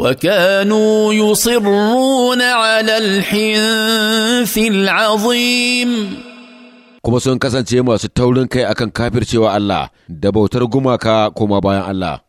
وكانوا يصرون على الحنث العظيم kuma sun kasance masu taurin kai akan kafircewa Allah da bautar gumaka koma bayan Allah